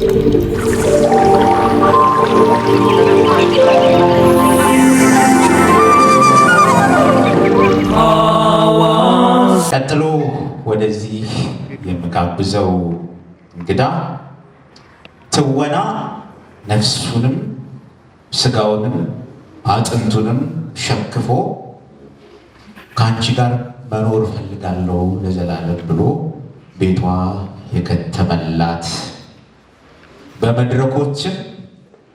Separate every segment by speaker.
Speaker 1: ቀጥሎ ወደዚህ የምጋብዘው እንግዳ ትወና ነፍሱንም ስጋውንም አጥንቱንም ሸክፎ ከአንቺ ጋር መኖር እፈልጋለሁ ለዘላለም ብሎ ቤቷ የከተመላት በመድረኮችም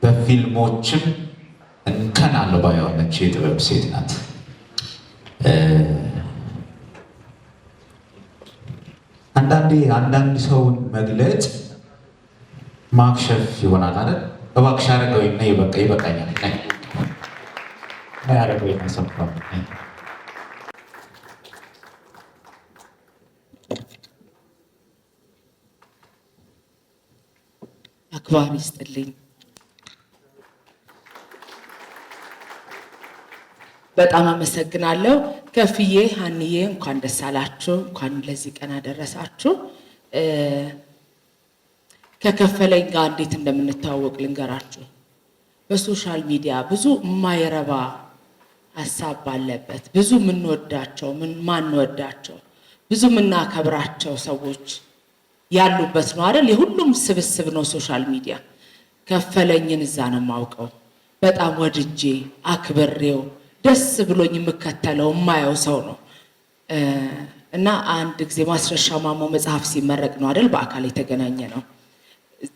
Speaker 1: በፊልሞችም እንከን አለው የሆነች የጥበብ ሴት ናት። አንዳንዴ አንዳንድ ሰውን መግለጽ ማክሸፍ ይሆናል አይደል? እባክሽ አረጋዊ እና ይበቃኛል ያረገው ሰባ
Speaker 2: አክባሪ ይስጥልኝ። በጣም አመሰግናለሁ። ከፍዬ ሀንዬ፣ እንኳን ደስ አላችሁ፣ እንኳን ለዚህ ቀን አደረሳችሁ። ከከፈለኝ ጋር እንዴት እንደምንተዋወቅ ልንገራችሁ። በሶሻል ሚዲያ ብዙ የማይረባ ሀሳብ ባለበት ብዙ የምንወዳቸው ማንወዳቸው ብዙ የምናከብራቸው ሰዎች ያሉበት ነው አይደል? የሁሉም ስብስብ ነው ሶሻል ሚዲያ። ከፈለኝን እዛ ነው የማውቀው። በጣም ወድጄ አክብሬው ደስ ብሎኝ የምከተለው የማየው ሰው ነው እና አንድ ጊዜ ማስረሻ ማሞ መጽሐፍ ሲመረቅ ነው አይደል? በአካል የተገናኘ ነው።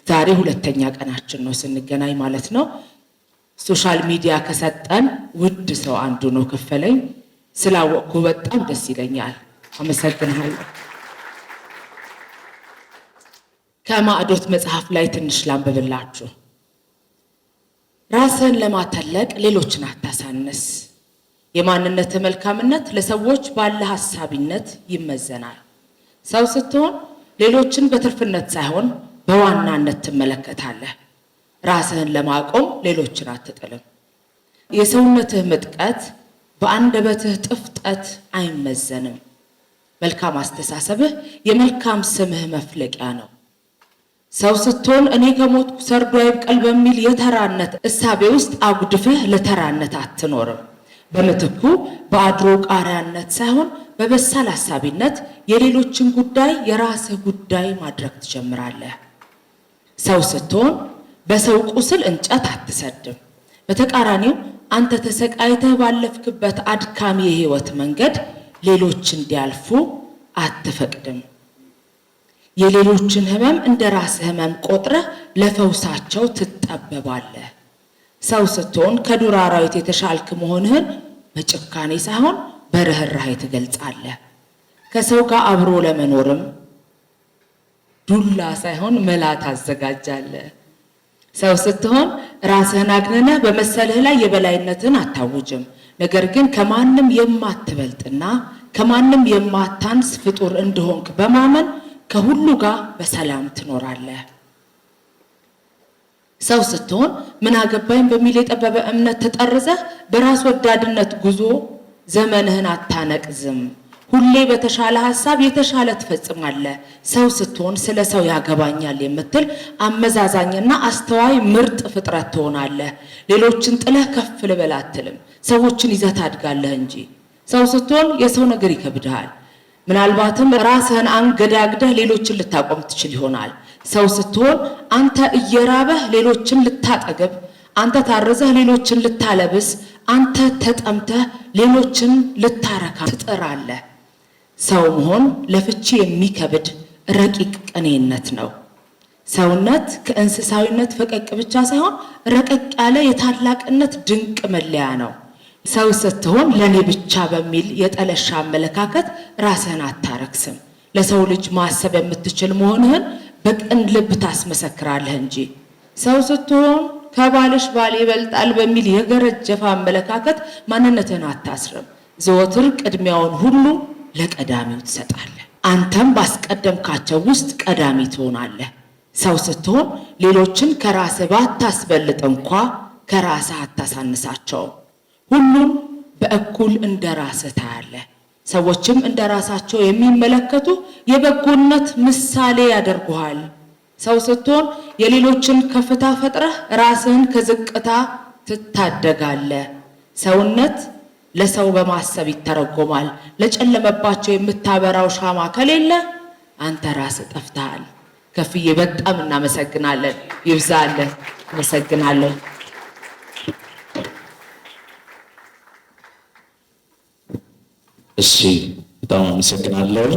Speaker 2: ዛሬ ሁለተኛ ቀናችን ነው ስንገናኝ ማለት ነው። ሶሻል ሚዲያ ከሰጠን ውድ ሰው አንዱ ነው ከፈለኝ። ስላወቅኩ በጣም ደስ ይለኛል። አመሰግናለሁ። ከማዕዶት መጽሐፍ ላይ ትንሽ ላንብብላችሁ። ራስህን ለማተለቅ ሌሎችን አታሳንስ። የማንነት መልካምነት ለሰዎች ባለ ሀሳቢነት ይመዘናል። ሰው ስትሆን ሌሎችን በትርፍነት ሳይሆን በዋናነት ትመለከታለህ። ራስህን ለማቆም ሌሎችን አትጥልም። የሰውነትህ ምጥቀት በአንደበትህ ጥፍጠት አይመዘንም። መልካም አስተሳሰብህ የመልካም ስምህ መፍለቂያ ነው። ሰው ስትሆን እኔ ከሞትኩ ሰርዶ አይብቀል በሚል የተራነት እሳቤ ውስጥ አጉድፍህ ለተራነት አትኖርም። በምትኩ በአድሮ ቃሪያነት ሳይሆን በበሳል ሀሳቢነት የሌሎችን ጉዳይ የራስህ ጉዳይ ማድረግ ትጀምራለህ። ሰው ስትሆን በሰው ቁስል እንጨት አትሰድም። በተቃራኒው አንተ ተሰቃይተህ ባለፍክበት አድካሚ የህይወት መንገድ ሌሎች እንዲያልፉ አትፈቅድም። የሌሎችን ህመም እንደ ራስ ህመም ቆጥረ ለፈውሳቸው ትጠበባለህ። ሰው ስትሆን ከዱር አራዊት የተሻልክ መሆንህን በጭካኔ ሳይሆን በርኅራኄ ትገልጻለህ። ከሰው ጋር አብሮ ለመኖርም ዱላ ሳይሆን መላ ታዘጋጃለህ። ሰው ስትሆን ራስህን አግንነህ በመሰልህ ላይ የበላይነትን አታውጅም። ነገር ግን ከማንም የማትበልጥና ከማንም የማታንስ ፍጡር እንደሆንክ በማመን ከሁሉ ጋር በሰላም ትኖራለህ። ሰው ስትሆን ምን አገባኝ በሚል የጠበበ እምነት ተጠርዘህ በራስ ወዳድነት ጉዞ ዘመንህን አታነቅዝም። ሁሌ በተሻለ ሀሳብ የተሻለ ትፈጽማለህ። ሰው ስትሆን ስለ ሰው ያገባኛል የምትል አመዛዛኝና አስተዋይ ምርጥ ፍጥረት ትሆናለህ። ሌሎችን ጥለህ ከፍ ልበል አትልም። ሰዎችን ይዘህ ታድጋለህ እንጂ ሰው ስትሆን የሰው ነገር ይከብድሃል። ምናልባትም ራስህን አንገዳግደህ ሌሎችን ልታቆም ትችል ይሆናል። ሰው ስትሆን አንተ እየራበህ ሌሎችን ልታጠግብ፣ አንተ ታርዘህ ሌሎችን ልታለብስ፣ አንተ ተጠምተህ ሌሎችን ልታረካ ትጥራለህ። ሰው መሆን ለፍቺ የሚከብድ ረቂቅ ቅኔነት ነው። ሰውነት ከእንስሳዊነት ፈቀቅ ብቻ ሳይሆን ረቀቅ ያለ የታላቅነት ድንቅ መለያ ነው። ሰው ስትሆን ለእኔ ብቻ በሚል የጠለሻ አመለካከት ራስህን አታረክስም። ለሰው ልጅ ማሰብ የምትችል መሆንህን በቅን ልብ ታስመሰክራለህ እንጂ ሰው ስትሆን ከባልሽ ባል ይበልጣል በሚል የገረጀፈ አመለካከት ማንነትህን አታስርም። ዘወትር ቅድሚያውን ሁሉ ለቀዳሚው ትሰጣለህ። አንተም ባስቀደምካቸው ውስጥ ቀዳሚ ትሆናለህ። ሰው ስትሆን ሌሎችን ከራስህ ባታስበልጥ እንኳ ከራስህ አታሳንሳቸውም። ሁሉም በእኩል እንደ ራስ ታያለህ። ሰዎችም እንደ ራሳቸው የሚመለከቱ የበጎነት ምሳሌ ያደርጉሃል። ሰው ስትሆን የሌሎችን ከፍታ ፈጥረህ ራስህን ከዝቅታ ትታደጋለ ሰውነት ለሰው በማሰብ ይተረጎማል። ለጨለመባቸው የምታበራው ሻማ ከሌለ አንተ ራስ ጠፍተሃል። ከፍዬ በጣም እናመሰግናለን። ይብዛለን። አመሰግናለሁ። እሺ፣ በጣም አመሰግናለሁ።